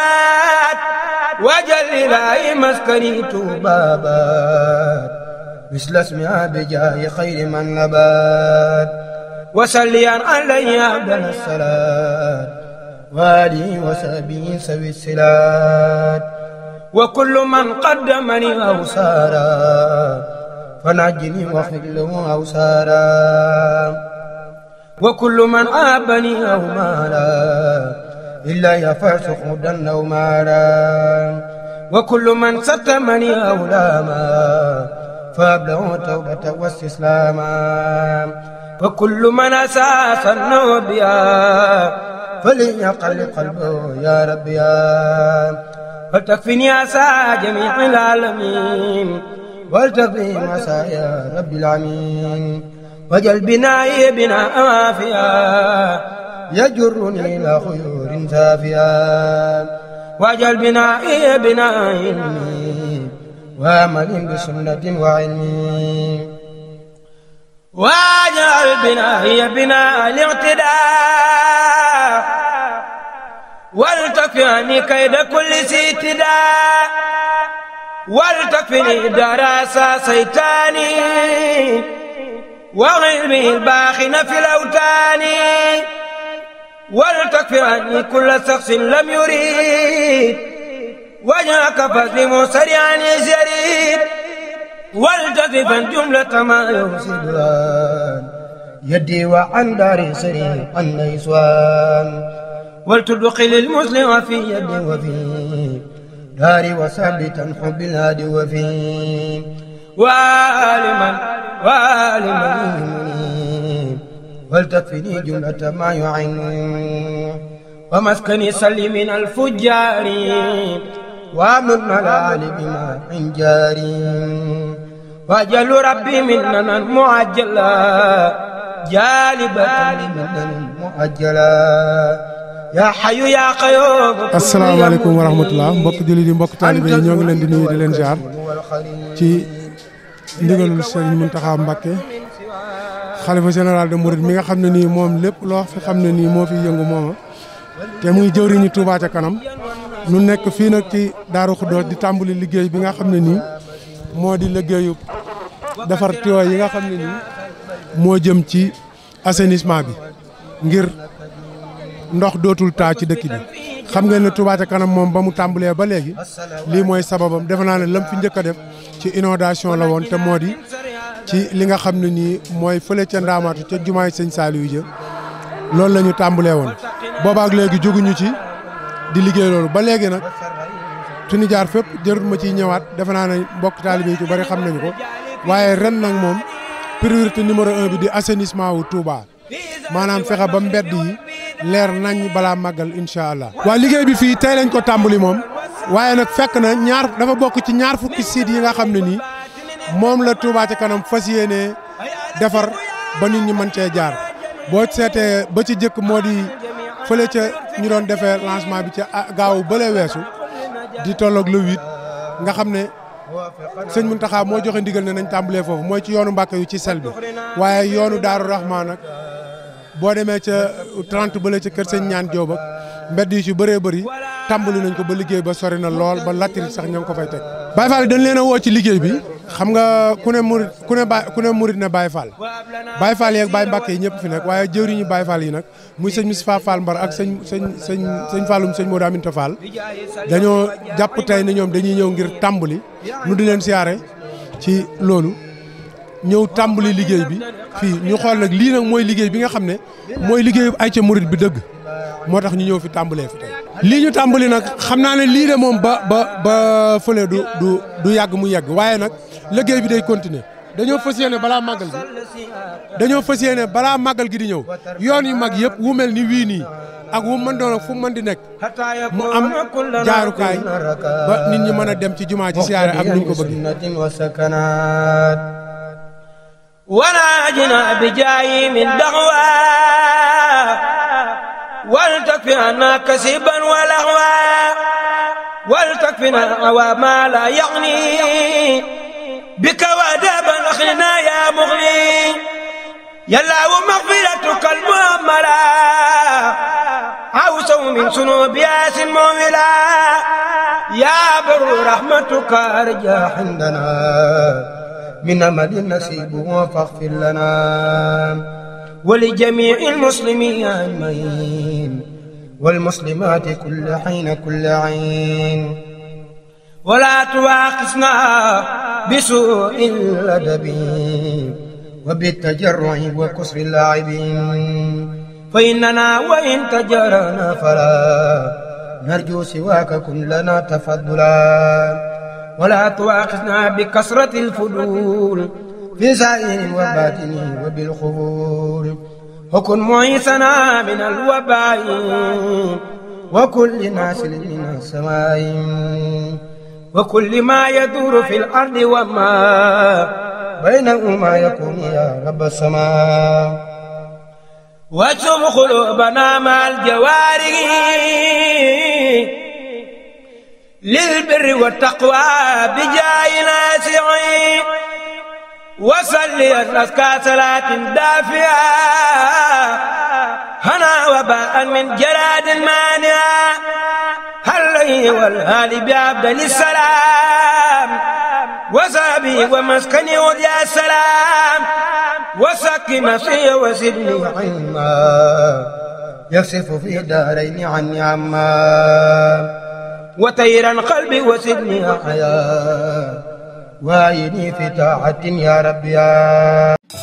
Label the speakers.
Speaker 1: baat waajal ilaahi maskani Tuubaa baat mislasmi abijaahi xayri man nabaat wasalliyan alayhi abdal salaat waalihi wa sahbihi sawi silaat wa kullu man qaddamani aw saara fanajjini waxfid lahu aw saara wa kullu man aabani aw maala بالله فارسخ مدا ومارا وكل من ستمني أولاما فابلغ توبة واستسلاما وكل من أساس النوبيا فليقل قلبه يا ربيا فلتكفني أسى جميع العالمين ولتقضي مساء يا رب العالمين وجل بنائي بنا أوافيا يجرني إلى خيول قلوب سافيان واجعل بنائي بناء علمي وامل بسنة وعلمي واجعل بنائي بناء الاعتداء والتكفني كيد كل سيتداء والتكفني دراسة سيتاني وغير به الباخن في الأوتان ولتكفر عني كل شخص لم يريد وجاك فاسلم سريعا يزيد والتزفا جملة ما يفسدان يدي وعن داري سريعا نيسوان ولتدخل المسلم في يدي وفي داري وثابتا حب الهادي وفي وآل من وآل من ولتكفني جملة ما يعين ومسكني سل من الفجار وامن ملال بما من جاري وأجل ربي مننا المعجلة جالبة لمننا المعجلة
Speaker 2: asalaamaaleykum wa rahmatulah mbokk jullit yi mbokk taalibe yi ñoo ngi leen di nuyu di leen ziar ci ndigalul Serigne Mountakha Mbacké xalifa général de Mouride mi nga xam ne nii moom lépp loo fi xam ne nii moo fi yëngu mooma te muy jëwriñu Touba kanam nu nekk fii nag ci Daaru Xuddoos di tàmbali liggéey bi nga xam ne nii moo di liggéeyu defar tuyau yi nga xam ne nii moo jëm ci assainissement bi ngir ndox dootul taa ci dëkk bi xam ngeen ne Touba ca kanam moom ba mu tàmbalee ba léegi lii mooy sababam defe naa ne lam njëkk a def ci inondation la woon te moo di ci li nga xam ne nii mooy fële ca Ndaamaatu ca jumaay sëñ Saliou jë loolu la ñu tàmbalee woon boobaak léegi jóguñu ci di liggéey loolu ba léegi nag suñu jaar fépp jarut ma ciy ñëwaat defe naa ne mbokk taalibe yi ci bari xam nañu ko waaye ren nag moom priorité numéro un bi di assainissement wu Touba maanaam fexe ba mbedd yi leer nañ balaa màggal incha allah. waa liggéey bi fii tey lañ ko tàmbali moom waaye nag fekk na ñaar dafa bokk ci ñaar fukki sites yi nga xam ne nii. moom la Touba ca kanam fas yéenee defar ba nit ñu mën cee jaar boo seetee ba ci jëkk moo di fële ca ñu doon defee lancement bi ca gaaw bële weesu di tollook le huit nga xam ne sëñ Mountakha moo joxe ndigal ne nañ tàmbulee foofu mooy ci yoonu Mbàkke yu ci sel bi waaye yoonu Daaru Rahman nag boo demee ca 30 bële ca kër sëñ ñaan jooba ak mbedd yu ci bëree bëri tàmbali nañ ko ba liggéey ba sori na lool ba latir sax ña ngi ko fay teg. Baye Fall dañ liggéey bi. xam nga ku ne murit ku ne ba ku ne murit ne Baye Fall Baye Fall yeeg yi ñëpp fi nekk waaye jëriñu Baye Fall yi nag muy sëñ Moussa Fall Mbar ak sëñ sëñ sëñ sëñ Fallum sëñ Modou Aminta dañoo jàpp tey ne ñoom dañuy ñëw ngir tàmbali nu di leen siyaare ci loolu ñëw tàmbali liggéey bi fii ñu xool nag lii nag mooy liggéey bi nga xam ne mooy liggéeyu ay ca murit bi dëgg moo tax ñu ñëw fi tàmbalee fi tey lii ñu tàmbali nag xam naa ne lii de moom ba ba ba fële du du du yàgg mu yàgg waaye nag liggéey bi day continuer dañoo fas yéene balaa màggal gi dañoo fas yéene balaa màggal gi di ñëw yoon yu mag yëpp wu mel ni wii nii ak wu mën doon fu mu mën di nekk mu am jaarukaay ba nit ñi mën a dem ci jumaa ci siyaare am nuñ ko
Speaker 1: bëgg وراجنا بجاي من دغوى ولتكفنا كسبا ولهوا ولتكفنا ما لا يغني بك ودابا أخلنا يا مغني يا الله مغفرتك المؤمرة عوسا من ذنوب ياس مولا يا بر رحمتك أرجى عندنا من أمل نصيبه فاغفر لنا ولجميع المسلمين أجمعين والمسلمات كل حين كل عين ولا تواقفنا بسوء الأدب وبالتجرع وكسر اللعب فإننا وإن تجرنا فلا نرجو سواك كن لنا تفضلا ولا تواخذنا بكسرة الفضول في زائر وباطنه وبالخبول وكن معيسنا من الوباء وكل ناس من السماء wa kulli maa yaduuru fil ardi wa maa baynahumaa yakuunu yaa rabba samaa. واجعل قلوبنا مع الجوارح للبر والتقوى بجاه ناصح وصل الأزكى صلاة دافعة هنا وباء من جراد مانع هلي والهالي بعبد السلام وزابي ومسكني ويا سلام وسك مسيح وسبني عما يصف في دارين عني عما وتيرا قلبي وسبني حياة وايني في طاعة يا رب يا